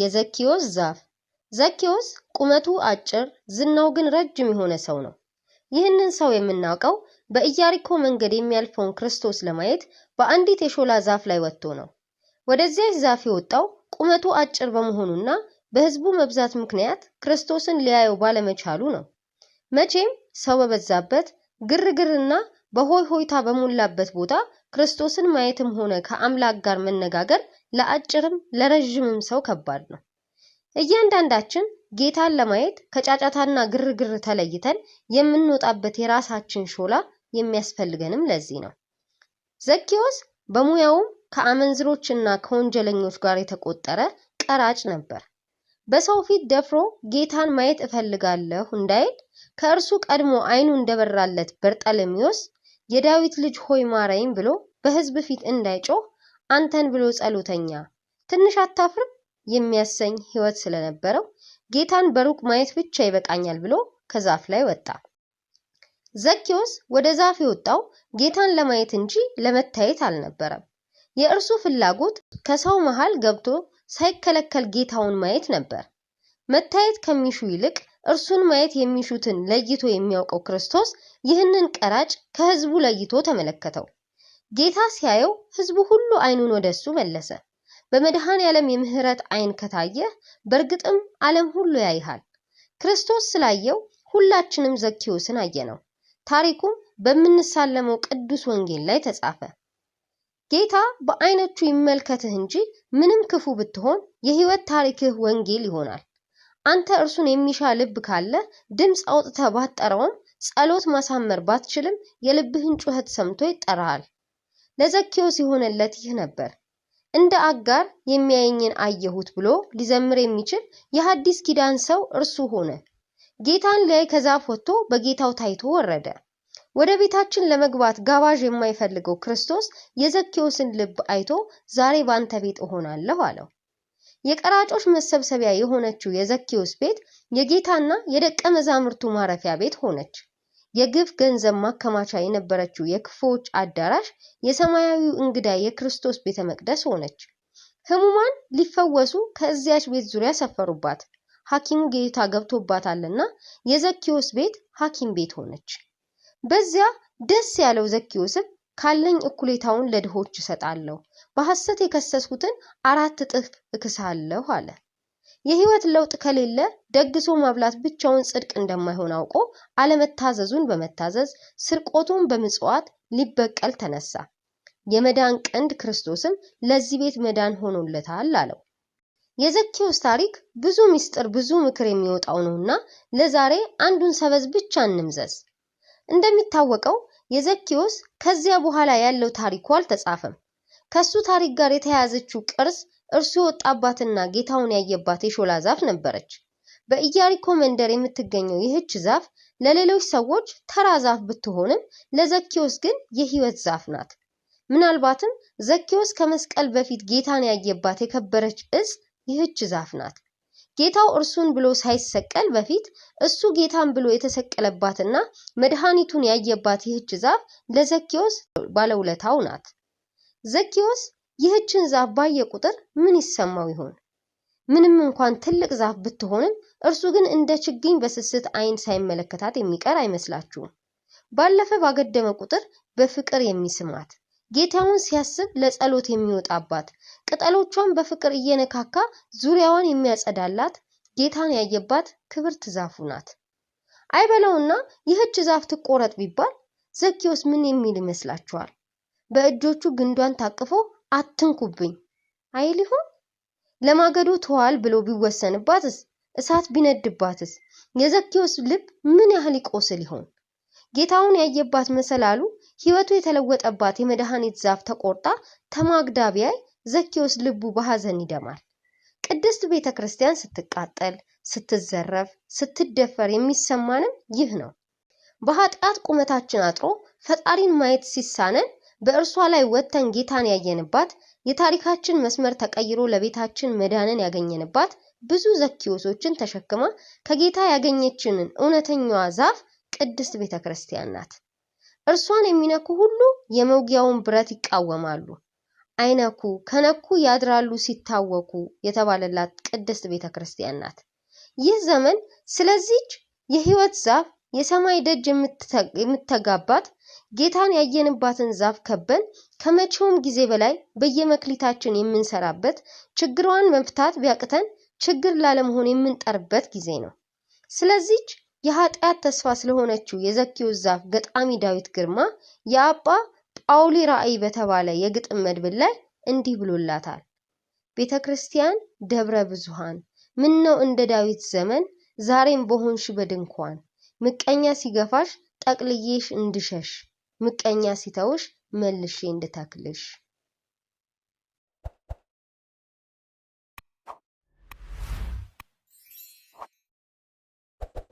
የዘኪዎስ ዛፍ ዘኪዎስ ቁመቱ አጭር ዝናው ግን ረጅም የሆነ ሰው ነው። ይህንን ሰው የምናውቀው በኢያሪኮ መንገድ የሚያልፈውን ክርስቶስ ለማየት በአንዲት የሾላ ዛፍ ላይ ወጥቶ ነው። ወደዚያች ዛፍ የወጣው ቁመቱ አጭር በመሆኑና በሕዝቡ መብዛት ምክንያት ክርስቶስን ሊያየው ባለመቻሉ ነው። መቼም ሰው በበዛበት ግርግርና በሆይ ሆይታ በሞላበት ቦታ ክርስቶስን ማየትም ሆነ ከአምላክ ጋር መነጋገር ለአጭርም ለረዥምም ሰው ከባድ ነው። እያንዳንዳችን ጌታን ለማየት ከጫጫታና ግርግር ተለይተን የምንወጣበት የራሳችን ሾላ የሚያስፈልገንም ለዚህ ነው። ዘኬዎስ በሙያውም ከአመንዝሮችና ከወንጀለኞች ጋር የተቆጠረ ቀራጭ ነበር። በሰው ፊት ደፍሮ ጌታን ማየት እፈልጋለሁ እንዳይል ከእርሱ ቀድሞ ዓይኑ እንደበራለት በርጠለሚዎስ የዳዊት ልጅ ሆይ ማረኝ ብሎ በሕዝብ ፊት እንዳይጮህ አንተን ብሎ ጸሎተኛ ትንሽ አታፍርም የሚያሰኝ ሕይወት ስለነበረው ጌታን በሩቅ ማየት ብቻ ይበቃኛል ብሎ ከዛፍ ላይ ወጣ። ዘኪዎስ ወደ ዛፍ የወጣው ጌታን ለማየት እንጂ ለመታየት አልነበረም። የእርሱ ፍላጎት ከሰው መሃል ገብቶ ሳይከለከል ጌታውን ማየት ነበር። መታየት ከሚሹ ይልቅ እርሱን ማየት የሚሹትን ለይቶ የሚያውቀው ክርስቶስ ይህንን ቀራጭ ከህዝቡ ለይቶ ተመለከተው። ጌታ ሲያየው ሕዝቡ ሁሉ አይኑን ወደ እሱ መለሰ። በመድኃኔ ዓለም የምህረት ዓይን ከታየህ በእርግጥም ዓለም ሁሉ ያይሃል። ክርስቶስ ስላየው ሁላችንም ዘኪዮስን አየነው። ታሪኩም በምንሳለመው ቅዱስ ወንጌል ላይ ተጻፈ። ጌታ በአይኖቹ ይመልከትህ እንጂ ምንም ክፉ ብትሆን የሕይወት ታሪክህ ወንጌል ይሆናል። አንተ እርሱን የሚሻ ልብ ካለ ድምፅ አውጥተህ ባትጠራውም ጸሎት ማሳመር ባትችልም የልብህን ጩኸት ሰምቶ ይጠራሃል። ለዘኬዎስ የሆነለት ይህ ነበር። እንደ አጋር የሚያየኝን አየሁት ብሎ ሊዘምር የሚችል የሐዲስ ኪዳን ሰው እርሱ ሆነ። ጌታን ሊያይ ከዛፍ ወጥቶ በጌታው ታይቶ ወረደ። ወደ ቤታችን ለመግባት ጋባዥ የማይፈልገው ክርስቶስ የዘኬዎስን ልብ አይቶ ዛሬ ባንተ ቤት እሆናለሁ አለው። የቀራጮች መሰብሰቢያ የሆነችው የዘኪዎስ ቤት የጌታና የደቀ መዛሙርቱ ማረፊያ ቤት ሆነች። የግፍ ገንዘብ ማከማቻ የነበረችው የክፉዎች አዳራሽ የሰማያዊው እንግዳ የክርስቶስ ቤተ መቅደስ ሆነች። ህሙማን ሊፈወሱ ከዚያች ቤት ዙሪያ ሰፈሩባት። ሐኪሙ ጌታ ገብቶባታልና የዘኪዎስ ቤት ሐኪም ቤት ሆነች። በዚያ ደስ ያለው ዘኬዎስም ካለኝ እኩሌታውን ለድሆች እሰጣለሁ፣ በሐሰት የከሰስሁትን አራት እጥፍ እክሳለሁ አለ። የህይወት ለውጥ ከሌለ ደግሶ መብላት ብቻውን ጽድቅ እንደማይሆን አውቆ አለመታዘዙን በመታዘዝ ስርቆቱን በምጽዋት ሊበቀል ተነሳ። የመዳን ቀንድ ክርስቶስም ለዚህ ቤት መዳን ሆኖለታል አለው። የዘኪዎስ ታሪክ ብዙ ምስጢር፣ ብዙ ምክር የሚወጣው ነውና ለዛሬ አንዱን ሰበዝ ብቻ እንምዘዝ። እንደሚታወቀው የዘኪዎስ ከዚያ በኋላ ያለው ታሪኩ አልተጻፈም። ከሱ ታሪክ ጋር የተያያዘችው ቅርስ እርሱ የወጣባትና ጌታውን ያየባት የሾላ ዛፍ ነበረች። በኢያሪኮ መንደር የምትገኘው ይህች ዛፍ ለሌሎች ሰዎች ተራ ዛፍ ብትሆንም ለዘኪዎስ ግን የሕይወት ዛፍ ናት። ምናልባትም ዘኪዎስ ከመስቀል በፊት ጌታን ያየባት የከበረች እጽ ይህች ዛፍ ናት። ጌታው እርሱን ብሎ ሳይሰቀል በፊት እሱ ጌታን ብሎ የተሰቀለባትና መድኃኒቱን ያየባት ይህች ዛፍ ለዘኪዎስ ባለውለታው ናት። ዘኪዎስ ይህችን ዛፍ ባየ ቁጥር ምን ይሰማው ይሆን? ምንም እንኳን ትልቅ ዛፍ ብትሆንም እርሱ ግን እንደ ችግኝ በስስት ዓይን ሳይመለከታት የሚቀር አይመስላችሁም? ባለፈ ባገደመ ቁጥር በፍቅር የሚስማት ጌታውን ሲያስብ ለጸሎት የሚወጣባት ቅጠሎቿን በፍቅር እየነካካ ዙሪያዋን የሚያጸዳላት ጌታን ያየባት ክብርት ዛፉ ናት። አይበለውና ይህች ዛፍ ትቆረጥ ቢባል ዘኪዎስ ምን የሚል ይመስላችኋል? በእጆቹ ግንዷን ታቅፎ አትንኩብኝ አይል ይሆን? ለማገዶ ተዋል ብሎ ቢወሰንባትስ? እሳት ቢነድባትስ? የዘኪዎስ ልብ ምን ያህል ይቆስል ይሆን? ጌታውን ያየባት መሰላሉ ሕይወቱ የተለወጠባት የመድኃኒት ዛፍ ተቆርጣ ተማግዳ ቢያይ ዘኬዎስ ልቡ በሐዘን ይደማል። ቅድስት ቤተ ክርስቲያን ስትቃጠል፣ ስትዘረፍ፣ ስትደፈር የሚሰማንም ይህ ነው። በኃጢአት ቁመታችን አጥሮ ፈጣሪን ማየት ሲሳነን በእርሷ ላይ ወጥተን ጌታን ያየንባት የታሪካችን መስመር ተቀይሮ ለቤታችን መዳንን ያገኘንባት ብዙ ዘኬዎሶችን ተሸክማ ከጌታ ያገኘችንን እውነተኛዋ ዛፍ ቅድስት ቤተ ክርስቲያን ናት። እርሷን የሚነኩ ሁሉ የመውጊያውን ብረት ይቃወማሉ። አይነኩ ከነኩ ያድራሉ ሲታወኩ የተባለላት ቅድስት ቤተ ክርስቲያን ናት። ይህ ዘመን ስለዚች የሕይወት ዛፍ የሰማይ ደጅ የምተጋባት ጌታን ያየንባትን ዛፍ ከበን ከመቼውም ጊዜ በላይ በየመክሊታችን የምንሰራበት ችግሯን መፍታት ቢያቅተን ችግር ላለመሆን የምንጠርበት ጊዜ ነው። ስለዚች የኃጢአት ተስፋ ስለሆነችው የዘኪው ዛፍ ገጣሚ ዳዊት ግርማ የአባ ጳውሊ ራእይ በተባለ የግጥም መድብል ላይ እንዲህ ብሎላታል። ቤተ ክርስቲያን ደብረ ብዙሃን ነው እንደ ዳዊት ዘመን ዛሬም በሆንሽ በድንኳን ምቀኛ ሲገፋሽ ጠቅልዬሽ እንድሸሽ ምቀኛ ሲተውሽ መልሼ እንድተክልሽ